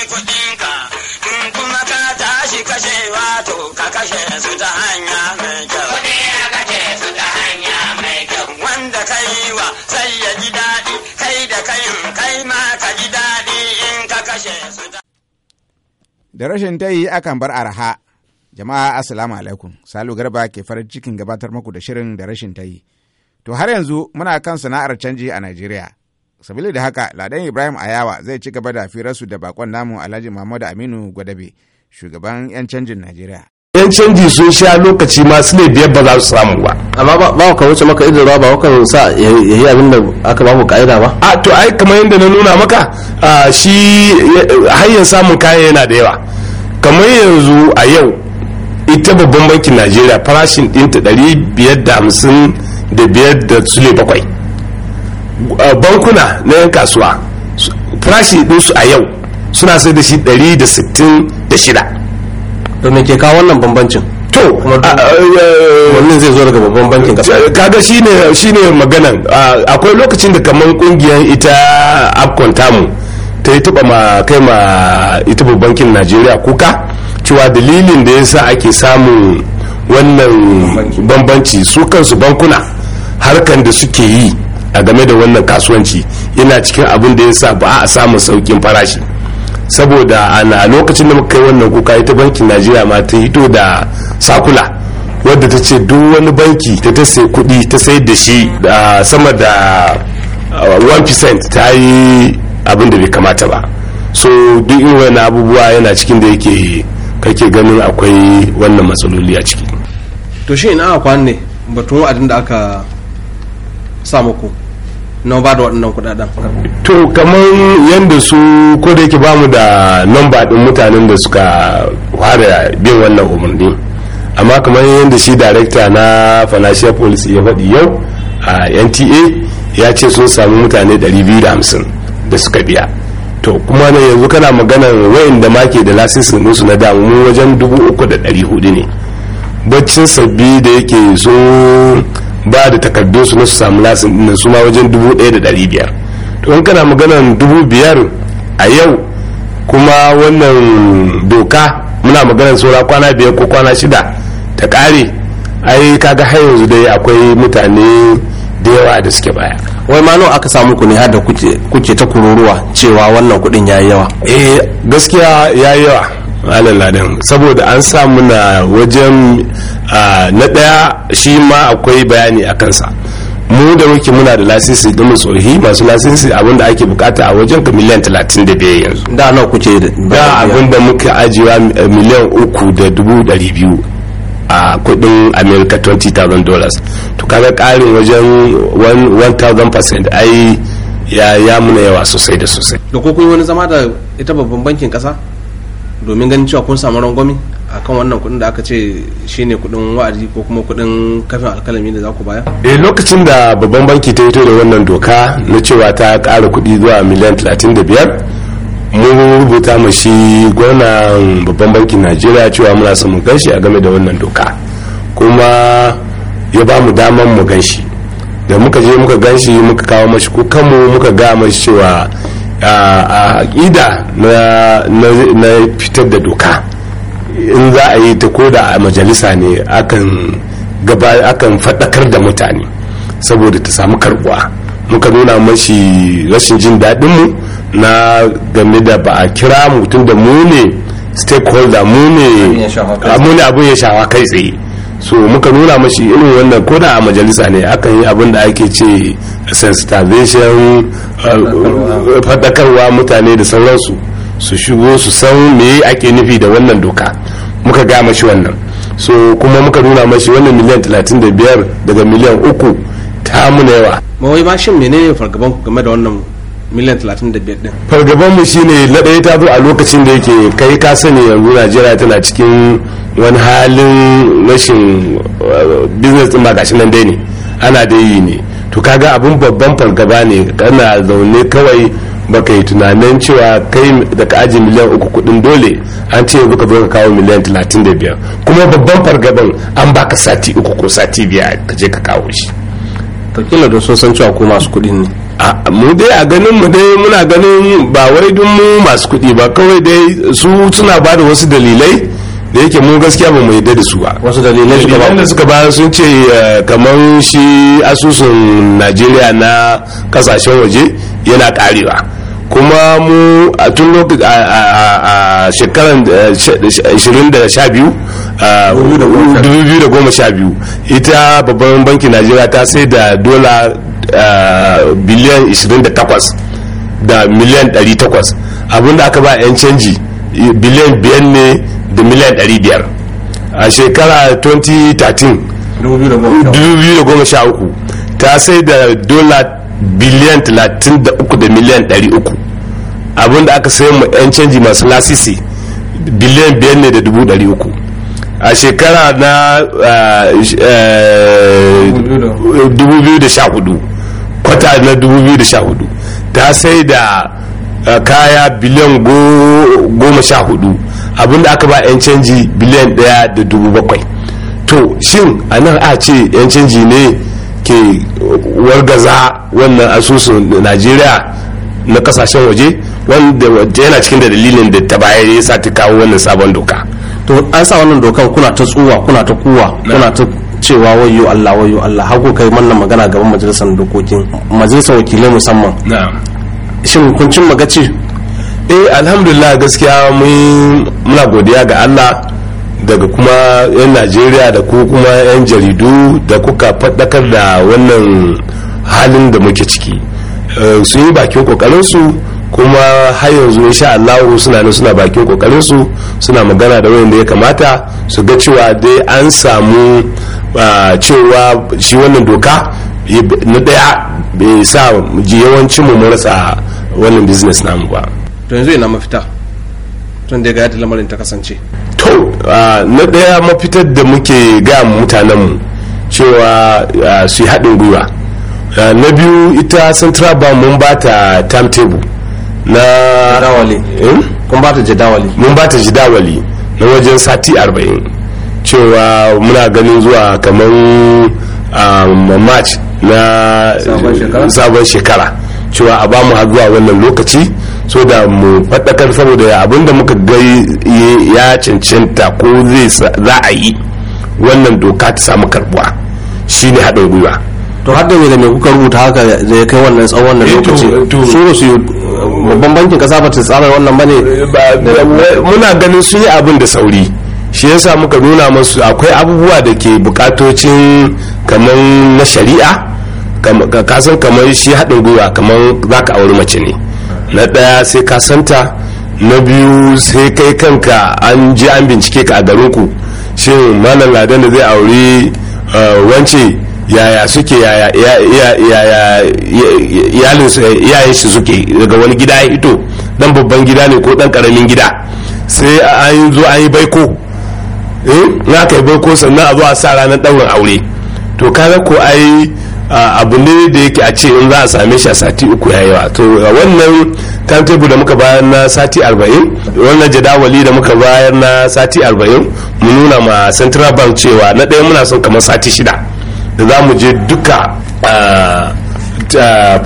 sami in kuma ka tashi kashe wato ka kashe su ta hanya mai kyau. su ta hanya mai kyau. Wanda ka yi wa sai ya ji daɗi kai da kayin kai ma ka ji daɗi in ka kashe su ta. Da rashin ta yi akan bar arha. Jama'a Assalamu alaikum, Salu Garba ke farin cikin gabatar muku da shirin da rashin ta yi. To har yanzu muna kan sana'ar canji a Najeriya. sabili da haka ladan ibrahim ayawa zai ci gaba da firarsu da bakon namu alhaji muhammadu aminu gwadabe shugaban 'yan canjin najeriya yan canji sun sha lokaci ma su ne biyar ba za su samu ba amma ba ka wuce maka idan ba kan sa ya yi abin da aka ba mu ka'ida ba a to ai kamar yadda na nuna maka shi hanyar samun kayan yana da yawa kamar yanzu a yau ita babban bankin najeriya farashin ɗinta ɗari biyar da hamsin da biyar da sule bakwai Eh, bankuna na yan kasuwa farashi su a yau suna sai da shi 166 domin ke kawo wannan bambancin to eh, wannan zai zo daga babban bankin kasa eh, kaga shi ne maganan akwai lokacin da kamar kungiyar ita abkon tamu ta yi taba ma kai ma ita bankin najeriya kuka cewa dalilin da ya sa ake samun wannan bambanci su kansu bankuna harkan da suke yi a game da wannan kasuwanci yana cikin abin da ya sa ba a samu saukin farashi saboda ana lokacin da muka kai wannan kuka ita bankin najeriya ma ta hito da sakula wadda ta ce duk wani banki da ta sai kuɗi ta sai da shi da sama da 1% ta yi abin da bai kamata ba so duk irin wani abubuwa yana cikin da yake kake ganin akwai wannan matsaloli a ciki to shi ina kwan ne batun wa'adin da aka samuku na ba da waɗannan kuɗaɗen. to kamar yadda su ko da yake ba mu da lamba ɗin mutanen da suka fara bin wannan umarni amma kamar yadda shi darekta na financial policy ya faɗi yau a nta ya ce sun samu mutane 250 da suka biya to kuma ne yanzu kana maganar wayan da make da lasisin musu na damu wajen 3,400 ne baccin sabbi da yake sun ba da takardun su na su samu lasin ma wajen dubu ɗaya da dari biyar to in kana maganan dubu biyar a yau kuma wannan doka muna maganan saura kwana biyar ko kwana shida ta kare ai kaga har yanzu dai akwai mutane da yawa da suke baya wai ma nawa aka samu ku ne har da kuke ta kururuwa cewa wannan kuɗin yayi yawa eh gaskiya yayi yawa ladan saboda an sa muna wajen na daya shi ma akwai bayani a kansa mu da muke muna da lasisi da mu tsohi masu lasisi abinda ake bukata a wajen ka miliyan 35 yanzu da nawa kuce da abinda muka ajiyewa eh, miliyan 3,200 a kudin america 20,000 dollars to kaga karin wajen 1,000% ai ya muna yawa sosai da sosai da ko wani zama da ita babban bankin kasa domin ganin cewa kun samu rangwami a kan wannan kuɗin da aka ce shi ne kuɗin wa'adi ko kuma kuɗin kafin alkalami da za ku baya? eh lokacin da babban banki ta fito da wannan doka na cewa ta kara kuɗi zuwa miliyan 35 mun rubuta mu shi gwamnan babban bankin najeriya cewa muna son mu ganshi a game da wannan doka kuma ya ba mu daman mu ganshi da muka je muka ganshi muka kawo mashi kukanmu muka ga mashi cewa a ƙida na fitar da doka in za a yi ta koda a majalisa ne akan faɗakar da mutane saboda ta samu karbuwa muka nuna mashi rashin jin daɗinmu na game da ba a kira mutum da mu ne stakeholder mu ne abin ya shawa kai tsaye so muka nuna mashi irin wannan ko a majalisa ne akan yi abin da ake ce sensitization uh, uh, faɗakarwa mutane da sauransu su shigo su san me ake nufi da wannan doka muka ga mashi wannan so kuma muka nuna mashi wannan miliyan 35 daga miliyan 3 ta muna yawa mawai ma shin ne fargaban ku game da wannan miliyan 35 din fargaban mu shine na ta zo a lokacin da yake kai ka sani yanzu Najeriya tana cikin wani halin rashin uh, business din ba gashi nan dai ne ana da yi ne to kaga abun babban fargaba ne kana zaune kawai baka yi tunanin cewa kai da ka aji miliyan uku kudin dole an ce baka zo ka kawo miliyan talatin da biyar kuma babban fargaban an baka sati uku ko sati biyar ka je ka kawo shi ta kila da sun san cewa ko masu kudin ne mu dai a ganin mu dai muna ganin ba wai dun mu masu kudi ba kawai dai su suna ba da wasu dalilai da yake mu gaskiya ba mu yadda da su ba wasu dalilai suka ba da suka ba sun ce eh, kamar shi asusun najeriya na kasashen waje yana karewa kuma mu a tun lokacin a shekaran 2012 eh, 2012 ah, ita babban banki najeriya ta sai da dola ah, biliyan 28 da miliyan 800 abinda aka ba 'yan canji eh, biliyan biyan ne miliyan 500 a shekara 2013 2013 ta sai da dola biliyan 33 da miliyan 300 abinda aka sayan mu 'yan canji masu lasisi biliyan 5 ne da 300 a shekara na 2014 eh, kwata na 2014 ta sai da Eh, kaya biliyan goma sha hudu abinda aka ba 'yan canji biliyan daya da dubu bakwai to shin a nan a ce 'yan canji ne ke wargaza wannan asusun najeriya na kasashen waje wanda yana cikin da dalilin da ta baya ya sa ta kawo wannan sabon doka to an sa wannan dokar kuna ta tsuwa kuna ta kuwa kuna ta cewa wayo Allah wayo Allah hako kai manna magana gaban majalisar dokokin majalisar wakilai musamman shin kuncin magaci eh alhamdulillah gaskiya muna godiya ga allah daga kuma 'yan najeriya da ku kuma 'yan jaridu da kuka faɗakar da wannan halin da muke ciki eh, sun yi bakin kokarinsu kuma har yanzu insha Allah suna nan suna bakin kokarin su suna magana da wanda ya kamata su ga cewa dai an samu ah, cewa shi wannan doka na daya bai sa ji yawancin mu rasa wannan business namu ba to yanzu ina mafita tun da ga yadda lamarin ta kasance to na daya mafitar da muke ga mutanenmu cewa su yi haɗin gwiwa na biyu ita central bank mun ba ta timetable na dawali eh? kun ba ta jadawali mun ba ta jadawali na wajen sati 40 cewa muna ganin zuwa kamar march na sabon shekara cewa a bamu har zuwa wannan lokaci so da mu faɗakar saboda abin da muka gai ya cancanta ko zai za a yi wannan doka ta samu karbuwa shine haɗin gwiwa to har da me kuka rubuta haka zai kai wannan tsawon wannan eh, lokaci su su babban bankin kasa ba ta tsara wannan bane muna ganin su yi abin da sauri shi yasa muka nuna masu akwai abubuwa da ke bukatocin kamar na shari'a ka san kamar shi haɗin gwiwa kamar za ka auri mace ne na ɗaya sai ka santa na biyu sai kai kanka an je an bincike ka a garinku shin malam ladan da zai auri eh, wance yaya suke yaya iyayen shi suke daga wani gida ya hito dan babban gida ne ko dan karamin gida sai an zo an yi baiko eh na kai baiko sannan a zo a sa ranar ɗaurin aure to kaga ko ai Ah, abu ne da yake a ce in za a same shi a sati uku ya to wannan timetable da muka bayar na sati 40 wannan jadawali da muka bayar na sati 40 mu nuna ma central bank cewa na ɗaya muna son kamar sati shida da za mu je duka ah,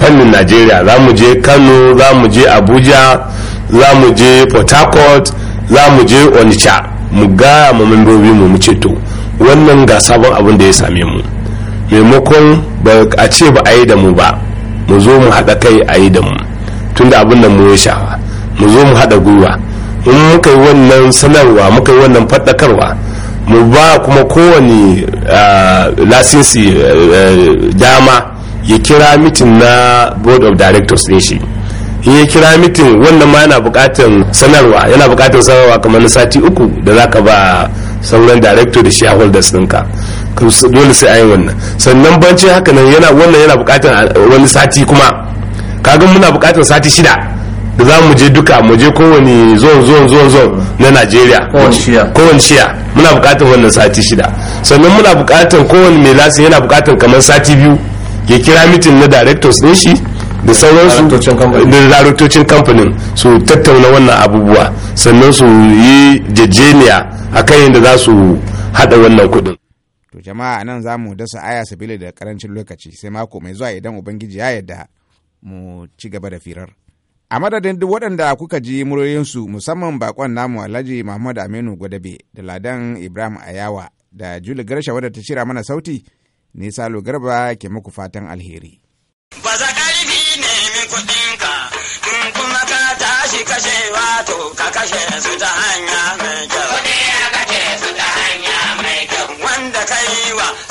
fannin najeriya za mu je kano za mu je abuja za mu je port harcourt za mu je onitsha mu gaya ma mambobi mu mu ce to wannan ga sabon abin da ya same mu maimakon ba a ce ba a yi da mu ba mu zo mu haɗa kai a yi da mu tun da abin da mu ya shafa mu zo mu haɗa gwiwa in muka yi wannan sanarwa muka yi wannan faɗakarwa mu ba kuma kowane lasisi dama ya kira mitin na board of directors ne shi ya kira mitin wannan ma yana buƙatar sanarwa yana buƙatar sanarwa kamar na sati uku da za ka ba sauran director da shareholders ɗinka dole sai a yi wannan sannan bancin haka nan yana wannan yana bukatar wani sati kuma kaga muna bukatar sati shida da za mu je duka mu je kowane zon zon zon zon na nigeria kowane shiya muna bukatar wannan sati shida sannan muna bukatar kowane mai lasin yana bukatar kamar sati biyu ya kira mitin na directors din shi da sauransu da daraktocin kamfanin su tattauna wannan abubuwa sannan su yi jejeniya a kan yadda za su haɗa wannan kuɗin. to jama'a nan za mu dasa aya sabili da karancin lokaci sai mako mai zuwa idan ubangiji ya yadda mu ci gaba da firar a madadin duk waɗanda kuka ji muryoyinsu musamman bakon namu alhaji muhammad aminu gwadabe da ladan ibrahim ayawa da juli garsha wadda ta shira mana sauti nisa salo garba ke muku fatan alheri tashi kashewa to ka kashe su ta hanya mai kyau. kashe su ta hanya mai kyau. Wanda ka yi wa